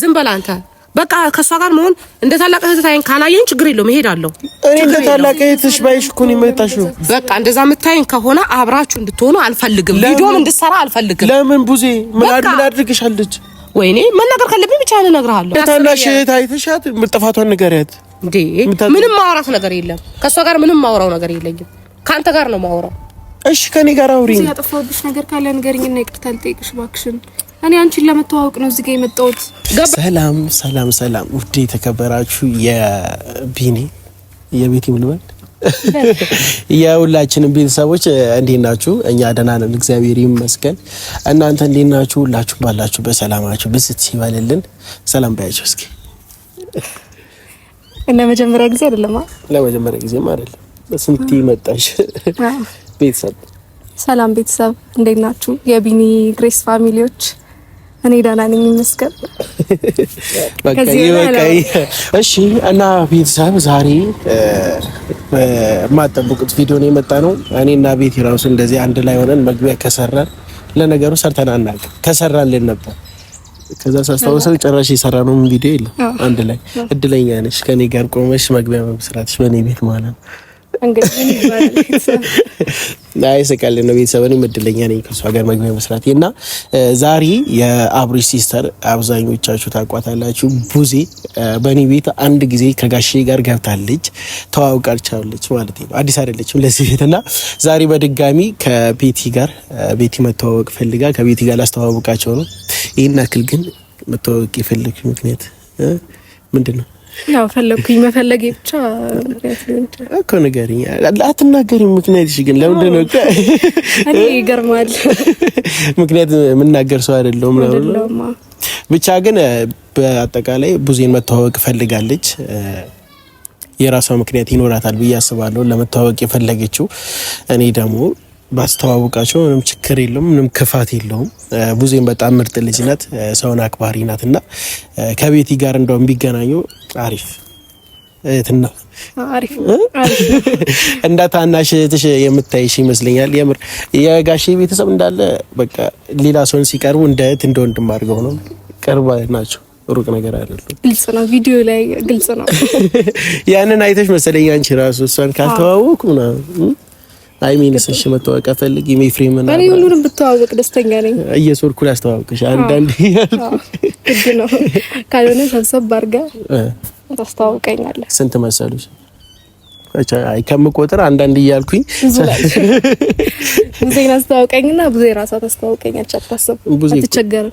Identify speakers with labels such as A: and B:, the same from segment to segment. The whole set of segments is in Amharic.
A: ዝም በል አንተ። በቃ ከእሷ ጋር መሆን እንደ ታላቅ እህት ታይን ካላየን ችግር የለውም እሄዳለሁ።
B: እኔ እንደ ታላቅ እህትሽ ባይሽ እኮ ነው የመጣሽው።
A: በቃ እንደዛ የምታይን ከሆነ አብራችሁ እንድትሆኑ አልፈልግም። ቪዲዮም እንድትሰራ አልፈልግም።
B: ለምን ቡዜ ምን አድርግሻለች?
A: ወይኔ መናገር ካለብኝ ብቻ እነግርሃለሁ።
B: ታናሽ እህት አይተሻት ጥፋቷን ንገሪያት።
A: እንዴ ምንም ማውራት ነገር የለም ከእሷ ጋር ምንም ማውራው ነገር የለኝም። ከአንተ ጋር ነው ማውራው።
B: እሺ ከኔ ጋር አውሪኝ።
C: ያጠፋሁብሽ ነገር ካለ ንገሪኝና ይቅርታ ልጠይቅሽ እባክሽን እኔ አንቺን ለመተዋወቅ ነው እዚህ ጋር የመጣሁት።
B: ሰላም ሰላም ሰላም፣ ውድ የተከበራችሁ የቢኒ የቤት ይምልበል የሁላችንም ቤተሰቦች እንዴት ናችሁ? እኛ ደህና ነን፣ እግዚአብሔር ይመስገን። እናንተ እንዴት ናችሁ? ሁላችሁም ባላችሁ በሰላማችሁ ብስት ሲበልልን ሰላም ባያችሁ። እስኪ
C: ለመጀመሪያ ጊዜ አይደለም
B: ለመጀመሪያ ጊዜም አይደለም። ስንት መጣሽ? ቤተሰብ
C: ሰላም ቤተሰብ እንዴት ናችሁ? የቢኒ ግሬስ ፋሚሊዎች እኔ ደህና ነኝ ይመስገን።
B: በቃ በቃ እሺ። እና ቤተሰብ ዛሬ የማጠብቁት ቪዲዮ ነው የመጣ ነው። እኔ እና ቤት ራሱ እንደዚህ አንድ ላይ ሆነን መግቢያ ከሰራን፣ ለነገሩ ሰርተን አናውቅም። ከሰራልን ነበር ከዛ ሳስታውሰው ጭራሽ የሰራ ነው ቪዲዮ የለም። አንድ ላይ እድለኛ ነሽ፣ ከኔ ጋር ቆመሽ መግቢያ መስራትሽ በእኔ ቤት ማለት ነው ስቃል ነው ቤተሰብን ነው እድለኛ ነኝ ከእሷ ጋር መግቢያ መስራት እና ዛሬ የአብሮች ሲስተር አብዛኞቻችሁ ታውቋታላችሁ። ቡዜ በእኔ ቤት አንድ ጊዜ ከጋሼ ጋር ገብታለች ተዋውቃልቻለች ማለት ነው። አዲስ አይደለችም ለዚህ ቤት እና ዛሬ በድጋሚ ከቤቲ ጋር ቤቲ መተዋወቅ ፈልጋ ከቤቲ ጋር ላስተዋወቃቸው ነው። ይህን ያክል ግን መተዋወቅ የፈለግ ምክንያት ምንድን ነው?
C: ያው ፈለግኩኝ መፈለግ ብቻ
B: እኮ ንገሪኝ። አትናገሪም? ምክንያትሽ ግን ለምንድን ነው?
C: እኔ ይገርማል።
B: ምክንያት የምናገር ሰው አይደለሁም ነው። ብቻ ግን በአጠቃላይ ብዙን መተዋወቅ ፈልጋለች። የራሷ ምክንያት ይኖራታል ብዬ አስባለሁ ለመተዋወቅ የፈለገችው። እኔ ደግሞ ባስተዋውቃቸው ምንም ችግር የለውም፣ ምንም ክፋት የለውም። ቡዜም በጣም ምርጥ ልጅ ናት፣ ሰውን አክባሪ ናት እና ከቤቲ ጋር እንደውም ቢገናኙ አሪፍ እህትና እንደ ታናሽ እህትሽ የምታይሽ ይመስለኛል። የምር የጋሼ ቤተሰብ እንዳለ በቃ ሌላ ሰውን ሲቀርቡ እንደ እህት እንደ ወንድም አድርገው ነው ቅርብ ናቸው። ሩቅ ነገር አይደለም።
C: ግልጽ ነው፣ ቪዲዮ ላይ ግልጽ ነው።
B: ያንን አይተሽ መሰለኝ አንቺ ራሱ እሷን ካልተዋወቁ ምናምን ሀይሚንስ እሺ መተዋወቅ ፈልግ ኤፍሬም እና
C: እኔ ሁሉንም ብተዋወቅ ደስተኛ ነኝ።
B: እየሶርኩ ላስተዋወቅሽ አንዳንዴ ግድ
C: ነው። ካልሆነ ሰብሰብ አድርገህ ታስተዋውቀኛለህ።
B: ስንት መሰሉሽ? አይ ከምቆጥር አንዳንድ እያልኩኝ ብዙ
C: አስተዋውቀኝና ብዙ የራሷ ታስተዋውቀኛለች። አታስብ፣
B: አትቸገርም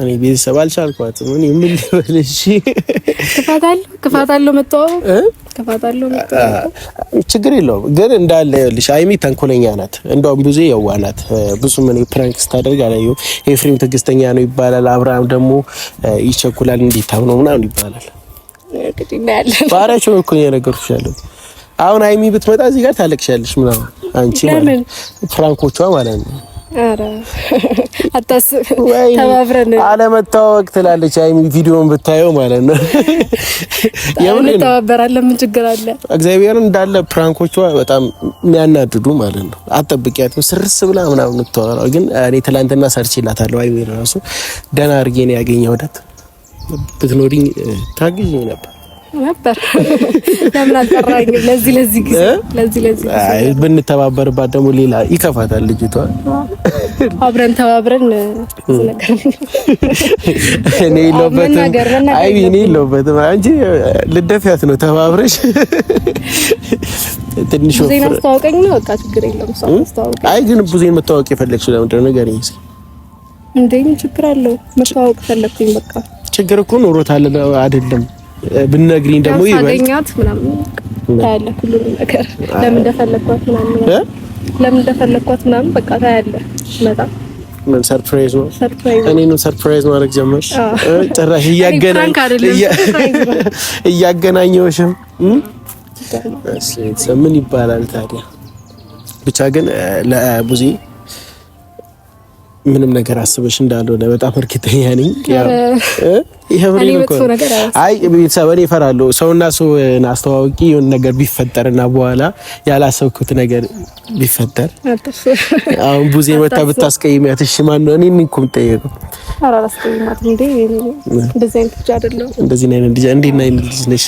B: እኔ ቤተሰብ አልቻልኳትም። እኔ ምን ልበል? እሺ ክፋት አለው፣ ክፋት አለው፣ መተዋወቅ ክፋት አለው። ችግር የለውም ግን እንዳለ ይኸውልሽ፣ አይሚ ተንኮለኛ ናት፣ እንደውም ብዙ የዋ ናት። ብዙ ምን ፕራንክ ስታደርግ አላየሁም። ኤፍሬም ትዕግስተኛ ነው ይባላል፣ አብርሃም ደግሞ ይቸኩላል፣ እንዲታም ነው ምናምን ይባላል። ባህሪያቸው እኮ የነገርኩሽ ያለው አሁን አይሚ ብትመጣ እዚህ ጋር ታለቅሻለሽ ምናምን፣ አንቺ ማለት ፕራንኮቿ ማለት ነው አለመታወቅ ትላለች ሀይሚ ቪዲዮን ብታየው ማለት ነው። እንተባበራለን ምን ችግር አለ? እግዚአብሔር እንዳለ ፕራንኮቿ በጣም የሚያናድዱ ማለት ነው። አጠብቂያት ነው ስርስ ብላ ምናምን የምታወራው ግን እኔ ትላንትና ሰርችላታለሁ። ሀይሚ ራሱ ደህና አድርጌ ነው ያገኘሁት። ብትኖሪኝ ታግዥኝ ነበር ነበር ለምን ለዚህ ለዚህ ጊዜ ለዚህ ለዚህ አይ ብንተባበርባት ደግሞ ሌላ ይከፋታል ልጅቷ። አብረን ተባብረን እኔ የለሁበትም፣ አይ እኔ የለሁበትም። አንቺ ልደፊያት ነው ተባብረሽ ትንሽ ዜና አስተዋውቀኝ ነው። በቃ ችግር የለም አስተዋውቀኝ። አይ ግን ብዙዬን መታወቅ የፈለግሽ ለምንድን ነው ንገሪኝ እስኪ። እንዴ ምን ችግር አለው? መታወቅ ፈለግኩኝ። በቃ ችግር እኮ ኖሮታል አይደለም ብነግሪኝ ደግሞ ይበልጥ ታያለህ። ሁሉንም ነገር ለምን ምናምን ለምን ምናምን በቃ መጣ ምን ሰርፕራይዝ ነው? ነው ሰርፕራይዝ ማድረግ ጀመርሽ? ጭራሽ እያገናኘሁሽም ምን ይባላል ታዲያ። ብቻ ግን ለቡዜ ምንም ነገር አስበሽ እንዳልሆነ በጣም እርግጠኛ ነኝ። አይ ቤተሰብ እኔ እፈራለሁ። ሰውና ሰው አስተዋውቂ የሆነ ነገር ቢፈጠርና በኋላ ያላሰብኩት ነገር ቢፈጠር አሁን ቡዜ መታ ብታስቀይሚያት እሺ ማን ነው? እኔን እኮ የምጠየቀው እንደዚህ አይነት ልጅ አይደለም። እንደዚህ አይነት ልጅ ነሽ።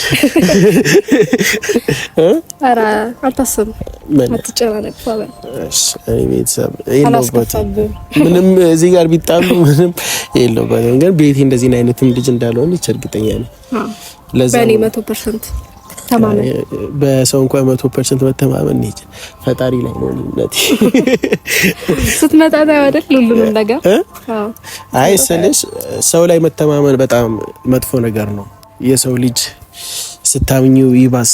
B: ኧረ አትጨናነቅ። ቤተሰብ የለውበትም ምንም እዚህ ጋር ቢጣሉ ምንም የለውበትም። ግን ቤቴ እንደዚህ አይነትም ልጅ እንዳልሆን እርግጠኛ ነኝ። ለዛ መቶ ፐርሰንት በሰው እንኳን መቶ ፐርሰንት መተማመን ይች ፈጣሪ ላይ ነው ልነት ስትመጣ ታወደል ሁሉንም ነገር አይ ስልሽ ሰው ላይ መተማመን በጣም መጥፎ ነገር ነው። የሰው ልጅ ስታምኙ ይባስ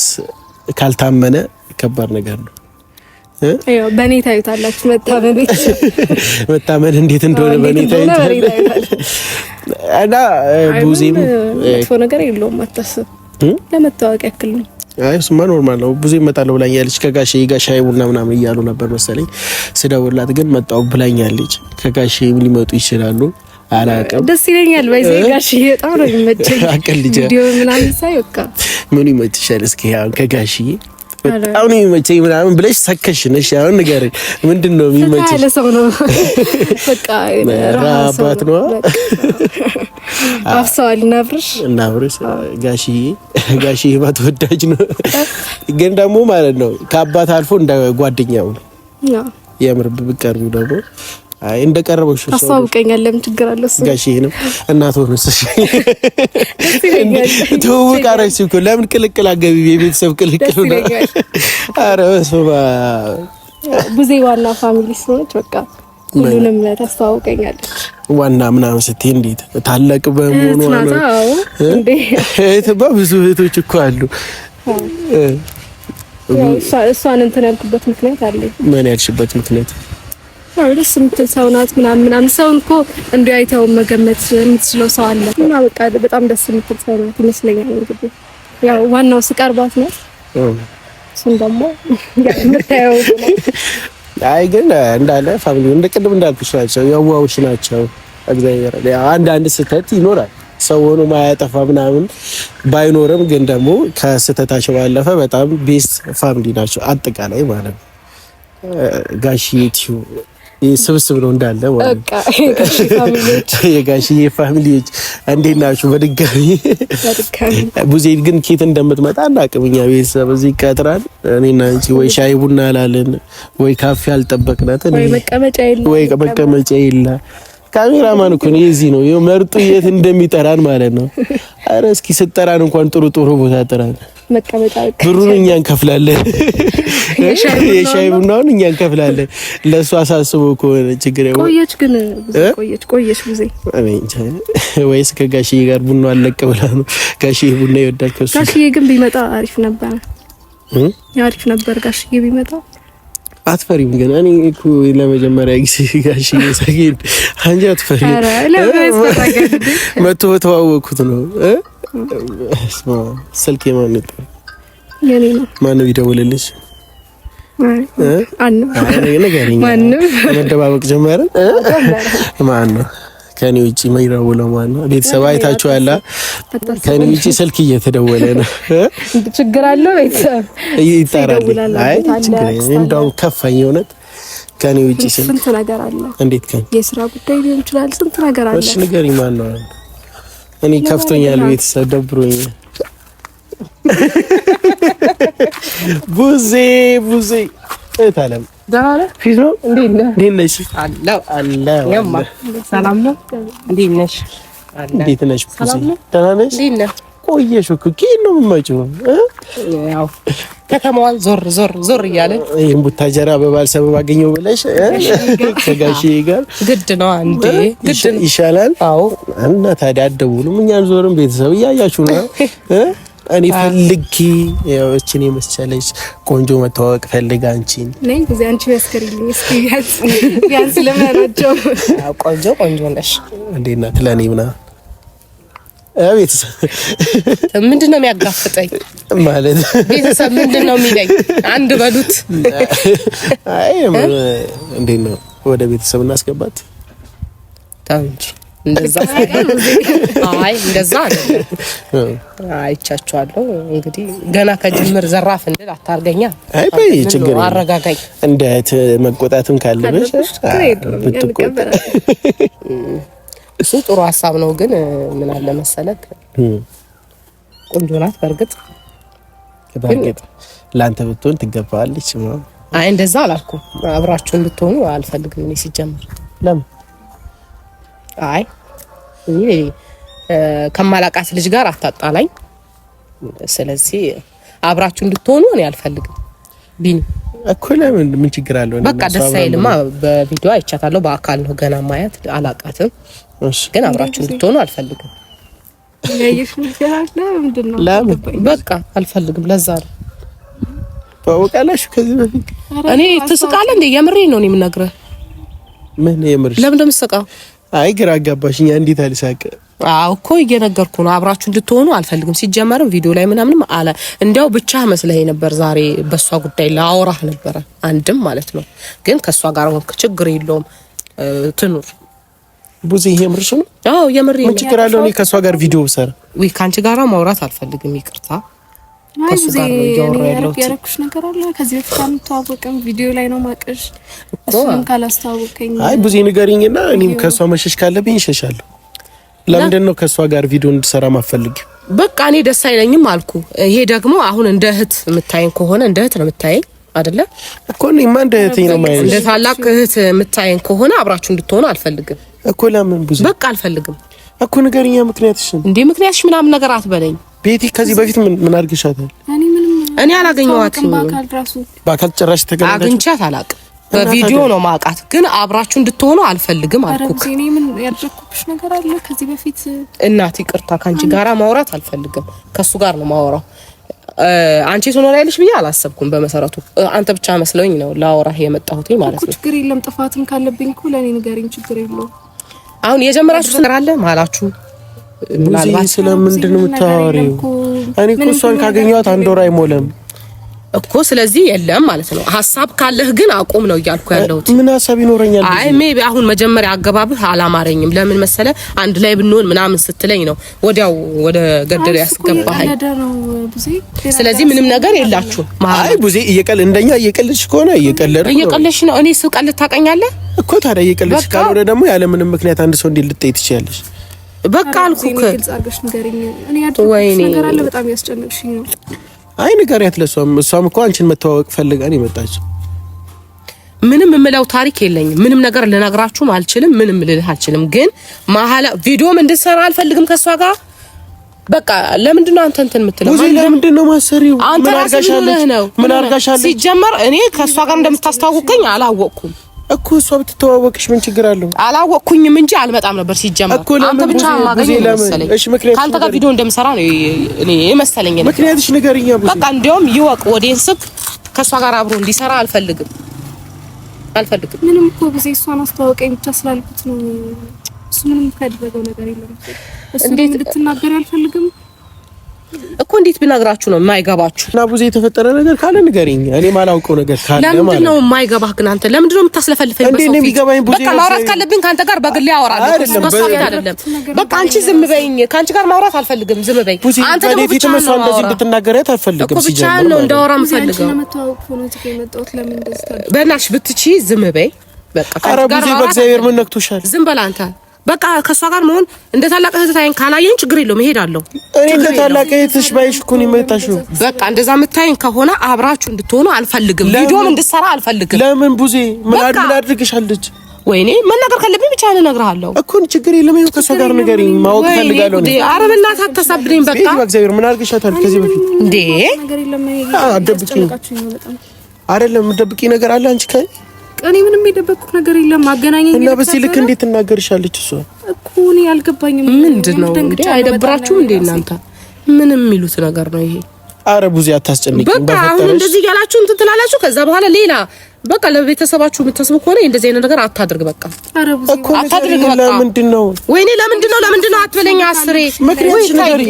B: ካልታመነ ከባድ ነገር ነው። በእኔ ታዩታላችሁ መታመን እንዴት እንደሆነ በእኔ ታዩታላችሁ እና ቡዜም መጥፎ ነገር የለውም አታስብ ለመታወቅ ያክል ነው። አይ እሱማ ኖርማል ነው። ብዙ ይመጣል ብላኛለች። ከጋሼ ጋሼ ቡና ምናምን እያሉ ነበር መሰለኝ ስደውላት፣ ግን መጣው ብላኛለች። ከጋሽ ሊመጡ ይችላሉ አላውቅም። ደስ ይለኛል። በዚህ ጋሼ በጣም ነው የሚመቸኝ። አቀልጀ ዲዮ ምናምን ሳይ በቃ ምኑ ይመችሻል? እስኪ አሁን ከጋሼ በጣም ነው የሚመቸኝ ምናምን ብለሽ ሰከሽ ነሽ። አሁን ንገር፣ ምንድን ነው የሚመቸሽ? ሰው ነው በቃ ራባት ነው አፍሰዋል። እናብርሽ እናብርሽ ጋሽዬ ጋሽዬ ተወዳጅ ነው፣ ግን ደግሞ ማለት ነው ከአባት አልፎ እንደ ጓደኛው የምር ብቀርቡ ደግሞ እንደ ቀረበሽ አሳውቀኛል። ለምን ችግር አለ? እሱ ጋሽዬ ነው እናት ሆነስ ትውውቅ አረግሽ እኮ ለምን ቅልቅል አገቢ የቤተሰብ ቅልቅል ነው። አረ በስመ አብ ቡዜ ዋና ፋሚሊ ስለሆነች በቃ ሁሉንም ታስተዋውቀኛለች። ዋና ምናምን ስትይ እንዴት ታላቅ በመሆኑ እህትማ ብዙ እህቶች እኮ አሉ። እሷን እንትን ያልኩበት ምክንያት አለኝ። ምን ያልሽበት ምክንያት? ደስ የምትል ሰው ናት ምናምን ምናምን። ሰው እኮ እንዲህ አይተው መገመት የምትችለው ሰው አለ እና በቃ በጣም ደስ የምትል ሰው ናት ይመስለኛል። እንግዲህ ያው ዋናው ስቀርባት ነው። እሱን ደግሞ የምታየው አይ ግን እንዳለ ፋሚሊ እንደ ቅድም እንዳልኩሽ ናቸው፣ የዋዎች ናቸው። እግዚአብሔር አንዳንድ ስህተት ይኖራል ሰው ሆኖ ማያጠፋ ምናምን ባይኖርም ግን ደግሞ ከስህተታቸው ባለፈ በጣም ቤስት ፋሚሊ ናቸው አጠቃላይ ማለት ነው ጋሽ ዩቲዩብ ስብስብ ነው እንዳለ የጋሽዬ ፋሚሊዎች እንዴት ናችሁ? በድጋሚ ቡዜ ግን ኬት እንደምትመጣ እናቅም። እኛ ቤተሰብ እዚህ ይቀጥራል። እኔና አንቺ ወይ ሻይ ቡና አላለን ወይ ካፌ አልጠበቅናት ወይ መቀመጫ የለ። ካሜራማን እኮ ነው የዚህ ነው መርጡ የት እንደሚጠራን ማለት ነው። ኧረ እስኪ ስጠራን እንኳን ጥሩ ጥሩ ቦታ ጥራን። መቀመጫ ብሩን እኛ እንከፍላለን። የሻይ ቡናውን እኛ እንከፍላለን። ለእሱ አሳስቦ ከሆነ ችግር ቆየች፣ ግን ቆየች ቆየች ጊዜ ወይስ ከጋሽዬ ጋር ቡና አለቀ ብላ ነው? ጋሽዬ ቡና ይወዳል። ከሱ ጋሽዬ ግን ቢመጣ አሪፍ ነበር፣ አሪፍ ነበር ጋሽዬ ቢመጣ አትፈሪም ግን? እኔ እኮ ለመጀመሪያ ጊዜ ጋሽ ሳገኝ አንቺ አትፈሪም መቶ ተዋወቅኩት ነው ስልክ የማን የኔ ነው። ማን ነው ይደውልልሽ? መደባበቅ ጀመርን። ማን ነው ከኔ ውጭ የማይደውለው? ማን ነው? ቤተሰብ አይታችሁ ከኔ ውጭ ስልክ እየተደወለ ነው። ችግር ቤተሰብ አይ ችግር እንደውም ከፋኝ የእውነት ከኔ ውጭ ስንት ነገር አለ። እንዴት ከኔ የስራ ጉዳይ ሊሆን ይችላል። ስንት ነገር አለ። እሺ ንገሪኝ፣ ማን ነው እኔ ከፍቶኛል፣ ቤተሰብ ደብሮኛል። ቡዜ ቡዜ እታለም ፊት ነው። እንዴት ነሽ? ሰላም ነው። እንዴት ነሽ? ደህና ነሽ? ቆየሽ እኮ ኬት ነው የምትመጪው? ያው ከተማዋን ዞር ዞር ዞር እያለ ይሄን ቡታጀራ በባል ሰበብ አገኘው ብለሽ ከጋሽ ጋር ግድ ነው እንዴ? ግድ ይሻላል። አዎ። እና ታዲያ አትደውሉም? እኛን ዞርም ቤተሰብ እያያችሁ ነው። እኔ ፈልጌ ያው እችን የመሰለች ቆንጆ መተዋወቅ ፈልግ አንቺን ነኝ ጊዜ አንቺ መስከሪልኝ እስኪ ቢያንስ ቢያንስ ለመረጃው ቆንጆ ቆንጆ ነሽ እንዴና ትለኔ ምና ቤተሰብ ምንድን ነው የሚያጋፍጠኝ? ማለት ቤተሰብ ምንድን ነው የሚለኝ? አንድ በሉት። አይ እንዴት ነው ወደ ቤተሰብ እናስገባት? ተው እንደዛ። አይ እንደዛ አይቻችኋለሁ። እንግዲህ ገና ከጅምር ዘራፍ እንድል አታርገኛ። አይ በይ ችግር አረጋጋኝ። እንደ መቆጣትም ካለብሽ ብትቆጣ እሱ ጥሩ ሀሳብ ነው። ግን ምን አለ መሰለክ ቆንጆ ናት። በእርግጥ በእርግጥ ለአንተ ብትሆን ትገባለች። አይ እንደዛ አላልኩ። አብራችሁ እንድትሆኑ አልፈልግም እኔ ሲጀምር። ለምን አይ እኔ ከማላቃት ልጅ ጋር አታጣላኝ። ስለዚህ አብራችሁ እንድትሆኑ እኔ አልፈልግም። ቢኒ እኮ ለምን ምን ችግር አለው? በቃ ደስ አይልማ። በቪዲዮ አይቻታለሁ። በአካል ነው ገና ማያት አላቃትም። ግን አብራችሁ እንድትሆኑ አልፈልግም። ለምን በቃ አልፈልግም። ለዛ ነው ታውቃለሽ። ከዚህ በፊት እኔ ትስቃለህ እንዴ? የምሬ ነው እኔ የምነግርህ። ምን የምርሽ? ለምን እንደምትስቃው? አይ ግራ አጋባሽኛ። እንዴት አልሳቀ? አዎ እኮ እየነገርኩ ነው። አብራችሁ እንድትሆኑ አልፈልግም። ሲጀመርም ቪዲዮ ላይ ምናምንም አለ። እንዲያው ብቻ መስለህ ነበር። ዛሬ በእሷ ጉዳይ ላውራህ ነበረ አንድም ማለት ነው። ግን ከእሷ ጋር ችግር የለውም ትኑር ቡዜ ይሄ ምርሽ ነው? አዎ የምሬ ምን ችግር አለው? እኔ ከእሷ ጋር ቪዲዮ ብሰራ ወይ ከአንቺ ጋራ ማውራት አልፈልግም። ይቅርታ ከሱ ጋር ነው እያወራሁ ያለሁት። ያረኩሽ ነገር አለ ከዚህ በፊት አንተዋወቅም። ቪዲዮ ላይ ነው ማቀሽ። እሱንም ካላስተዋወቀኝ አይ ቡዜ ንገሪኝና እኔም ከእሷ መሸሽ ካለብኝ እሸሻለሁ። ለምንድን ነው ከእሷ ጋር ቪዲዮ እንድሰራ ማፈልግ? በቃ እኔ ደስ አይለኝም አልኩ። ይሄ ደግሞ አሁን እንደ እህት የምታየኝ ከሆነ እንደ እህት ነው የምታየኝ አይደለ እኮ እኔማ እንደ እህቴ ነው የማየኝ። እንደ ታላቅ እህት የምታየኝ ከሆነ አብራችሁ እንድትሆኑ አልፈልግም። እኮ ለምን ብዙ በቃ አልፈልግም እኮ ንገሪኛ ምክንያትሽ እንዴ ምክንያትሽ ምናምን ነገር አትበለኝ ቤቲ ከዚህ በፊት ምን ምን አድርግሻታል እኔ አላገኘኋትም በአካል ጭራሽ ተገናኘ አግኝቻት አላቅ በቪዲዮ ነው ማውቃት ግን አብራችሁ እንድትሆኑ አልፈልግም አልኩክ እኔ ምን ያደረኩብሽ ነገር አለ ከዚህ በፊት እናት ይቅርታ ከአንቺ ጋራ ማውራት አልፈልግም ከሱ ጋር ነው ማውራው አንቺ ትኖሪያለሽ ብዬ አላሰብኩም። በመሰረቱ አንተ ብቻ መስለኝ ነው ላወራህ የመጣሁት ማለት ነው። ችግር የለም ጥፋትም ካለብኝ እኮ ለእኔ ንገሪኝ፣ ችግር የለውም። አሁን የጀመራችሁ ስራ አለ መሀላችሁ። ስለምንድን ነው የምታወሪው? እኔ እኮ እሷን ካገኘኋት አንድ ወር አይሞላም። እኮ ስለዚህ የለም ማለት ነው። ሀሳብ ካለህ ግን አቁም ነው እያልኩ ያለሁት። ምን ሀሳብ ይኖረኛል? አይ ሜቢ አሁን መጀመሪያ አገባብህ አላማረኝም። ለምን መሰለ አንድ ላይ ብንሆን ምናምን ስትለኝ ነው ወዲያው ወደ ገደል ያስገባሃል። ስለዚህ ምንም ነገር የላችሁም። አይ ቡዜ እየቀል እንደኛ እየቀልሽ ከሆነ እየቀለድ እየቀለሽ ነው። እኔ ስቀል ታውቀኛለህ እኮ ታዲያ። እየቀለሽ ካልሆነ ደግሞ ያለ ምንም ምክንያት አንድ ሰው እንዴት ልትይ ትችያለሽ? በቃ አልኩህ። ወይኔ በጣም ያስጨንቅሽኝ ነው አይ ንገሪያት ለእሷም። እሷም እኮ አንቺን መተዋወቅ ፈልጋን የመጣች ምንም የምለው ታሪክ የለኝም። ምንም ነገር ልነግራችሁም አልችልም። ምንም ልልህ አልችልም። ግን መሀላ ቪዲዮም እንድሰራ አልፈልግም ከእሷ ጋር በቃ ለምንድን ነው አንተ እንትን የምትለው? ሙዚ ለምንድን ነው ማሰሪው? አንተ ራስህ ምን ነው ምን አርጋሻለህ? ሲጀመር እኔ ከእሷ ጋር እንደምታስተዋውቀኝ አላወቅኩም። እኮ እሷ ብትተዋወቅሽ ምን ችግር አለው? አላወቅኩኝም እንጂ አልመጣም ነበር ሲጀመር። አንተ ብቻ ማገኘ መሰለኝ። ከአንተ ጋር ቪዲዮ እንደምሰራ ነው እኔ እኔ ምክንያትሽ ንገሪኝ። በቃ እንደውም ይወቅ ወዴን ስብ ከእሷ ጋር አብሮ እንዲሰራ አልፈልግም አልፈልግም። ምንም እኮ ጊዜ እሷን አስተዋወቀኝ ብቻ ስላልኩት ነው። እሱ ምንም ካደረገው ነገር የለም። እሱ እንዴት እንድትናገር አልፈልግም እኮ እንዴት ብነግራችሁ ነው የማይገባችሁ? እና ብዙ የተፈጠረ ነገር ካለ ንገሪኝ፣ እኔ ማላውቀው ነገር ካለ ማለት ነው። ለምንድን ነው የማይገባህ ግን አንተ? ለምንድን ነው የምታስለፈልፈኝ? በቃ ማውራት ካለብኝ ከአንተ ጋር በግል አወራለሁ። አይደለም በቃ አንቺ ዝም በይኝ፣ ከአንቺ ጋር ማውራት አልፈልግም። ዝም በይ አንተ። ደግሞ ብቻ ነው እንደዚህ እንድትናገሪያት አልፈልግም። ብቻ ነው እንዳወራ የምፈልገው። በእናትሽ ብትቺ ዝም በይ በቃ። ኧረ ቡዜ በእግዚአብሔር ምን ነክቶሻል? ዝም በል አንተ በቃ ከእሷ ጋር መሆን እንደ ታላቅ እህት ታይን ካላየን ችግር የለውም እሄዳለሁ። እኔ እንደ ታላቅ እህትሽ ባይሽ እኮ ነው የመጣሽው። በቃ እንደዛ የምታይን ከሆነ አብራችሁ እንድትሆኑ አልፈልግም። ቪዲዮም እንድትሰራ አልፈልግም። ለምን ቡዜ ምን አድርግሻለች? ወይኔ መናገር ካለብኝ ብቻ እነግርሃለሁ እኮ ችግር የለም። ይኸው ከእሷ ጋር ንገሪኝ፣ ማወቅ እፈልጋለሁ። ኧረ በእናትህ አታሳብደኝ። በቃ በእግዚአብሔር ምን አድርግሻታል ከዚህ በፊት እንዴ? አትደብቂኝ። አይደለም ደብቂ ነገር አለ አንቺ ከ እኔ ምንም የደበቅኩት ነገር የለም። አገናኘኝ እና በዚህ ልክ እንዴት ትናገርሻለች? እሷ እኮ እኔ አልገባኝም። ምንድን ነው እንዴ? አይደብራችሁም እንዴ እናንተ? ምንም የሚሉት ነገር ነው ይሄ። አረ ቡዚ አታስጨንቂ። በቃ አሁን እንደዚህ እያላችሁ እንትን ትላላችሁ። ከዛ በኋላ ሌላ በቃ ለቤተሰባችሁ የምታስቡ ከሆነ እንደዚህ አይነት ነገር አታድርግ። በቃ እኮ አታድርግ። በቃ ለምንድን ነው ወይኔ፣ ለምንድን ነው ለምንድን ነው አትበለኝ አስሬ።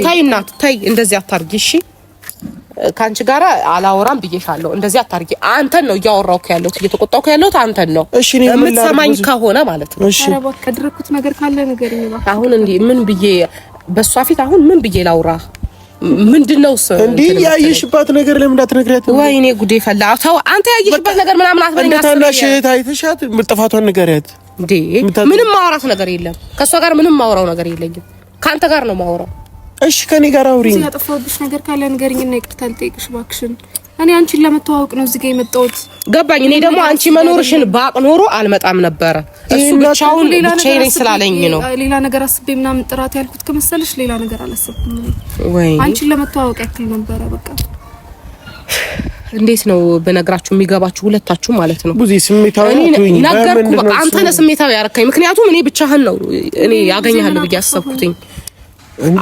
B: ታይ እናት ታይ፣ እንደዚህ አታድርጊ እሺ ከአንቺ ጋር አላወራም ብዬሻለሁ። እንደዚህ አታርጊ። አንተን ነው እያወራሁህ ያለሁት፣ እየተቆጣሁህ ያለሁት አንተን ነው። የምትሰማኝ ከሆነ ማለት ነው። ከድረኩት ነገር ካለ ነገር አሁን እንዲህ ምን ብዬ በእሷ ፊት አሁን ምን ብዬ ላውራ? ምንድን ነው እሱ እንዲህ ያየሽባት ነገር ለምን እንዳትነግሪያት? ወይኔ ጉዴ ፈላ። ተው አንተ ያየሽባት ነገር ምናምን አትበለኝ። እንደ ታናሽ እህት አይተሻት ጥፋቷን ንገሪያት። ምንም ማውራት ነገር የለም ከእሷ ጋር ምንም ማውራው ነገር የለኝም። ከአንተ ጋር ነው ማውራው እሺ ከኔ ጋር አውሪ። እዚህ ያጠፋሁብሽ ነገር ካለ ንገሪኝና ይቅርታ ልጠይቅሽ እባክሽን። እኔ አንቺን ለመተዋወቅ ነው እዚህ ጋር የመጣሁት። ገባኝ። እኔ ደግሞ አንቺ መኖርሽን ባቅ ኖሮ አልመጣም ነበረ። እሱ ብቻውን ብቻዬን ስላለኝ ነው። ሌላ ነገር አስቤ ምናምን ጥራት ያልኩት ከመሰለሽ ሌላ ነገር አላሰብኩም። ወይ አንቺን ለመተዋወቅ ያክል ነበረ። በቃ እንዴት ነው በነገራችሁ የሚገባችሁ ሁለታችሁ ማለት ነው። ብዙ ስሜታዊ ነገርኩ። በቃ አንተ ነህ ስሜታዊ ያረካኝ። ምክንያቱም እኔ ብቻህን ነው እኔ ያገኛለሁ ብዬ አሰብኩትኝ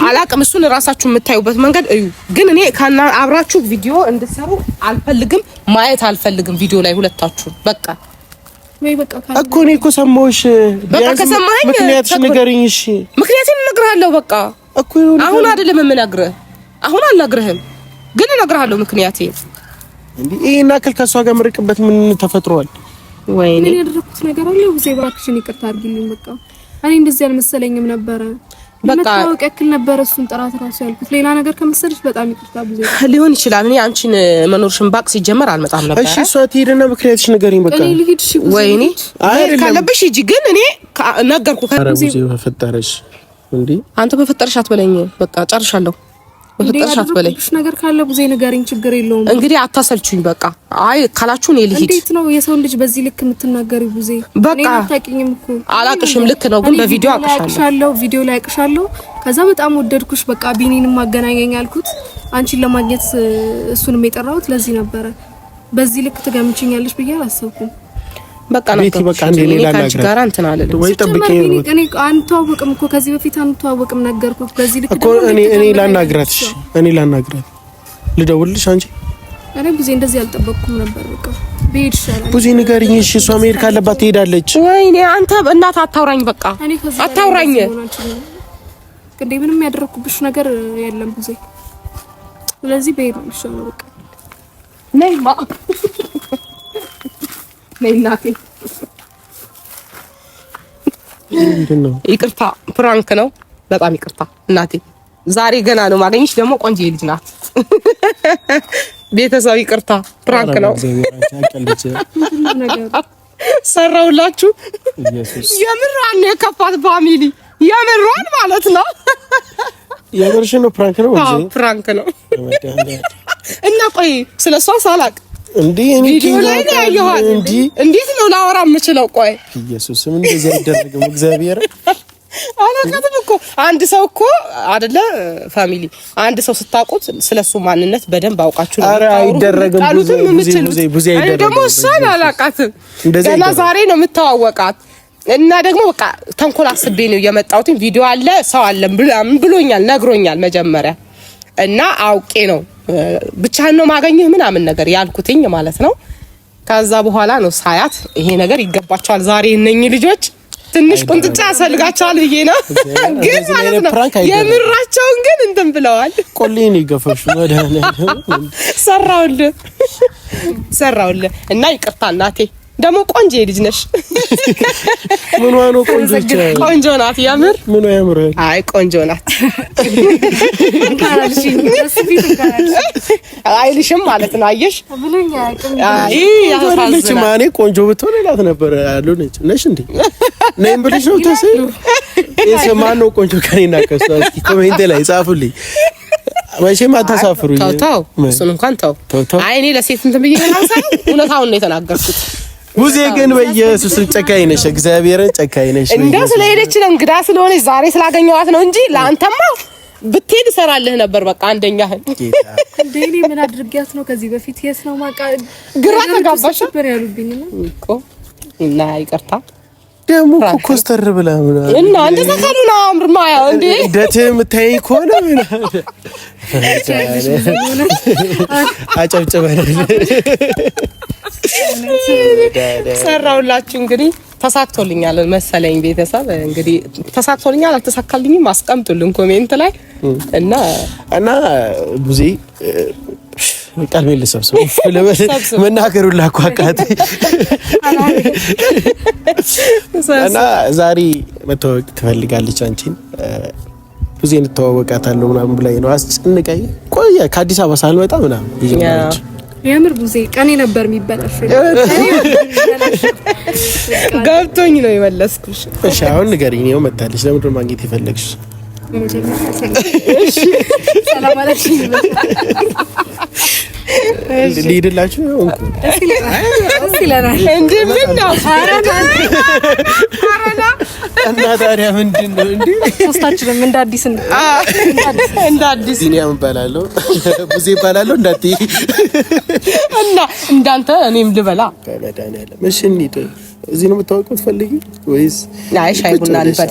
B: አላቅም እሱን እራሳችሁ የምታዩበት መንገድ እዩ። ግን እኔ ካና አብራችሁ ቪዲዮ እንድሰሩ አልፈልግም፣ ማየት አልፈልግም ቪዲዮ ላይ ሁለታችሁ። በቃ እኮ እኔ እኮ ሰማሁሽ። በቃ ከሰማኸኝ ምክንያትሽ ንገሪኝ። እሺ ምክንያቴን እነግርሃለሁ። በቃ እኮ አሁን አይደለም የምነግርህ፣ አሁን አልነግርህም፣ ግን እነግርሃለሁ ምክንያቴ። እንዴ ይሄን አክል ከሷ ጋር ምርቅበት ምን ተፈጥሯል? ወይኔ ምን ያደረኩት ነገር አለ? እባክሽን ይቅርታ አድርጊልኝ። በቃ እኔ እንደዚህ አልመሰለኝም ነበረ መታወቅ ያክል ነበረ እሱን ጥራት ራሱ ያልኩት። ሌላ ነገር ከመሰለሽ በጣም ይቅርታ። ብዙ ሊሆን ይችላል። እኔ አንቺን መኖርሽን ባቅ ሲጀመር አልመጣም ነበር። እሺ፣ እሷ ትሄድና ምክንያትሽ ንገሪኝ። በቃ እኔ ልሂድ። እሺ፣ ወይኔ ካለብሽ ሂጂ፣ ግን እኔ ነገርኩ። ከዚህ በፈጠረሽ እንዴ! አንተ በፈጠረሽ አትበለኝ። በቃ ጨርሻለሁ። በፍጠርሽ አትበለኝ። ነገር ካለ ብዙ ንገሪኝ፣ ችግር የለውም። እንግዲህ አታሰልችኝ። በቃ አይ ካላችሁን እኔ እንዴት ነው የሰው ልጅ በዚህ ልክ የምትናገሪ? ብዙ በቃ አታውቂኝም እኮ አላቅሽም። ልክ ነው ግን በቪዲዮ አቅሻለሁ፣ ቪዲዮ ላይ አቅሻለሁ። ከዛ በጣም ወደድኩሽ። በቃ ቢኒንም ማገናኘኝ አልኩት። አንቺን ለማግኘት እሱንም የጠራሁት ለዚህ ነበረ። በዚህ ልክ ትገምችኛለሽ ብዬ አላሰብኩም። በቃ ነው ቤቲ በቃ እንደ ሌላ ነገር ጋር እንትን አለ ወይ ጠብቀኝ። እኔ አንተዋወቅም እኮ ከዚህ በፊት አንተዋወቅም፣ ነገርኩህ። ከዚህ ልክ እኮ እኔ እኔ ላናግራት፣ እኔ ላናግራት፣ ልደውልልሽ አንቺ አረ ብዙ እንደዚህ አልጠበቅኩም ነበር። በቃ ብሄድ ይሻላል። ቡዜ ንገሪኝ። እሺ እሷ መሄድ ካለባት ትሄዳለች። ወይኔ አንተ እናት አታውራኝ፣ በቃ አታውራኝ። እንዴ ምንም ያደረኩብሽ ነገር የለም ቡዜ። ስለዚህ ብሄድ ነው ይሻላል። በቃ ነይ ማ ነይናቴ ይቅርታ፣ ፕራንክ ነው። በጣም ይቅርታ እናቴ። ዛሬ ገና ነው ማገኘሽ። ደግሞ ቆንጆ ልጅ ናት። ቤተሰብ ይቅርታ፣ ፕራንክ ነው። ሰራውላችሁ። የምሯን የከፋት ፋሚሊ፣ የምሯን ማለት ነው። የምርሽ ነው። ፕራንክ ነው፣ ፕራንክ ነው። እና ቆይ ሳላቅ እንዴ እንዴት ነው ላወራ የምችለው? ቆይ ኢየሱስ ምን እንደዚህ አይደረግም። እግዚአብሔር አላውቃትም እኮ አንድ ሰው እኮ አይደለ ፋሚሊ፣ አንድ ሰው ስታውቁት ስለሱ ማንነት በደንብ አውቃችሁ ነው። ኧረ አይደረግም። ደግሞ እሷን አላውቃትም። ገና ዛሬ ነው የምታዋወቃት እና ደግሞ በቃ ተንኮል አስቤ ነው የመጣሁት። ቪዲዮ አለ ሰው አለ ብሎኛል፣ ነግሮኛል መጀመሪያ እና አውቄ ነው ብቻህን ነው ማገኘህ ምናምን ነገር ያልኩትኝ ማለት ነው። ከዛ በኋላ ነው ሳያት ይሄ ነገር ይገባቸዋል ዛሬ እነኚህ ልጆች ትንሽ ቁንጥጫ ያስፈልጋቸዋል ብዬ ነው። ግን ማለት ነው የምራቸውን ግን እንትን ብለዋል። ቆሌን ይገፈሹ ሰራውል ሰራውል እና ይቅርታ እናቴ ደግሞ ቆንጆ ልጅ ነሽ። ምኗ ነው ቆንጆ? ቆንጆ ናት። ያምር ምኗ ያምር? አይ ቆንጆ ናት። አይልሽም ማለት ነው። አየሽ እኔ ቆንጆ ብትሆን እላት ነበር ያሉ ነች ነሽ እንዴ? ነይም ብልሽ ነው ተስ የሰማን ነው ቆንጆ ከኔና ከሷ እስኪ ኮሜንት ላይ ጻፉልኝ። መቼም አታሳፍሩኝ። ተው ተው፣ እሱን እንኳን ተው። አይ እኔ ለሴት እንትን ብዬ እውነታውን ነው የተናገርኩት። ጉዜ ግን በኢየሱስ ጨካኝ ነሽ፣ እግዚአብሔርን ጨካኝ ነሽ። እንዳ ስለሄደች ነው እንግዳ ስለሆነ ዛሬ ስላገኘዋት ነው እንጂ ለአንተማ ብትሄድ እሰራልህ ነበር። በቃ አንደኛ እንደኔ ምን አድርጊያት ነው ከዚህ በፊት የት ነው ማቃ ግራ ተጋባሽ ነበር ያሉብኝ ነው እኮ እና ይቅርታ ደግሞ ኮስተር ብላ ምናምን እና እንደዛ ካልሆነ አምርማ ያው እንዴ ደት የምታየኝ ከሆነ አጨብጭበናል ሰራውላችሁ እንግዲህ ተሳክቶልኛል መሰለኝ። ቤተሰብ እንግዲህ ተሳክቶልኛል አልተሳካልኝም፣ አስቀምጡልን ኮሜንት ላይ እና እና ብዙ ቀልሜ ልሰብሰብ መናገሩን ላኩ አቃቴ እና ዛሬ መታወቅ ትፈልጋለች አንቺን ብዙ እንተዋወቃታለሁ ምናምን ብላኝ ነው አስጨንቀኝ ቆየ ከአዲስ አበባ ሳልመጣ ምናምን የምር ቡዜ ቀኔ ነበር የሚበላሽ። ገብቶኝ ነው የመለስኩሽ። እሺ አሁን ንገሪኝ፣ ነው መታለች። ለምንድን ነው ማግኘት የፈለግሽ? ሰላም አለሽ ሊሄድላችሁ እና ታዲያ ምንድን ነው እንዴ? ሶስታችንም እንደ አዲስ እንደ አዲስ እባላለሁ፣ ቡዜ እባላለሁ። እንዳት እና እንዳንተ እኔም ልበላ እሺ፣ እንሂድ። እዚህ ነው የምታወቀው ትፈልጊ ወይስ? ሻይ ቡና ልበል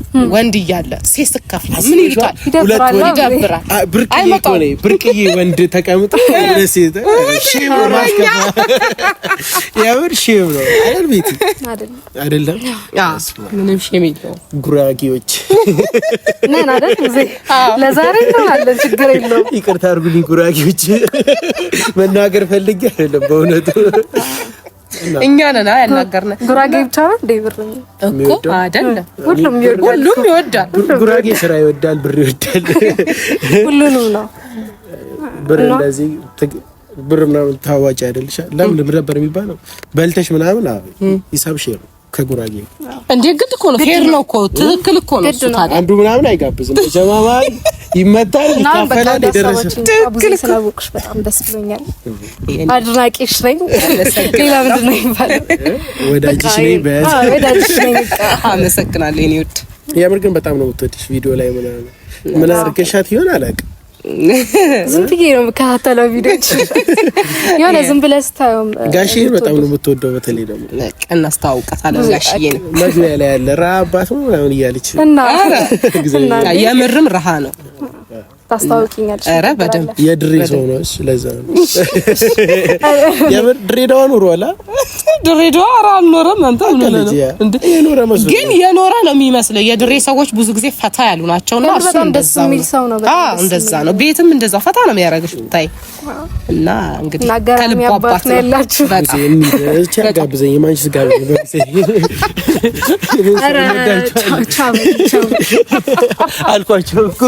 B: ወንድ እያለ ሴት ስትከፍላ ምን ይሉታል? ሁለት ይደብራል። ብርቅዬ ወንድ ተቀምጦ ሴት ሼም ያምር ሼም ነው አይደል? ቤት አይደለም ምንም ሼም የለውም። ጉራጌዎች ነን አይደል? ለዛሬ ነው አለን። ችግር የለውም። ይቅርታ አድርጉልኝ ጉራጌዎች፣ መናገር ፈልጌ አይደለም በእውነቱ እኛ ነን ያናገርነ ጉራጌ ብቻ ነው እንደ ብር እኮ አይደለም። ሁሉም ይወዳል፣ ሁሉም ይወዳል። ጉራጌ ስራ ይወዳል፣ ብር ይወዳል፣ ሁሉንም ነው ብር እንደዚህ ብር ምናምን ታዋጭ አይደልሻ ለምን ብር ነበር የሚባለው በልተሽ ምናምን ሂሳብ ሼር ነው ከጉራጌ እንዴ ግድ እኮ ነው። ፌር ነው እኮ ትክክል እኮ ነው። እሱ ታዲያ አንዱ ምናምን አይጋብዝም። ጀማማል ይመታል፣ ይካፈላል። የደረሰ ትክክል ስለቦክሽ በጣም ደስ ብሎኛል። አድናቂሽ ነኝ። ሌላ ምንድን ነው የሚባለው? ወዳጅሽ ነኝ። በዚህ ወዳጅሽ ነኝ። አመሰግናለሁ የኔ ውድ። የምር ግን በጣም ነው የምትወድሽ። ቪዲዮ ላይ ምናምን ምን አድርገሻት ይሆን አላውቅም ዝም ብዬ ነው የምከታተለው ቪዲዮች የሆነ ዝም ብለህ ስታየው ጋሽዬ በጣም ነው የምትወደው። በተለይ ደግሞ እናስተዋውቃታለን። ጋሽዬ መግቢያ ላይ ያለ ረሃ አባት ነው ምናምን እያለች እና የምርም ረሃ ነው። ታስታውቂኛለሽ? ኧረ በደምብ የድሬ ሰው ነው። ለዛ ነው የምር ድሬዳዋ ኑሮ አላ ድሬዳዋ ኧረ አልኖረም። አንተ ግን የኖረ ነው የሚመስለው። የድሬ ሰዎች ብዙ ጊዜ ፈታ ያሉ ናቸው እና እሱ እንደዛ ነው። አዎ እንደዛ ነው። ቤትም እንደዛ ፈታ ነው የሚያደርግሽ ብታይ እና እንግዲህ ከልብ አባት ነው ያላችሁ። ጋር ነው አልኳቸው እኮ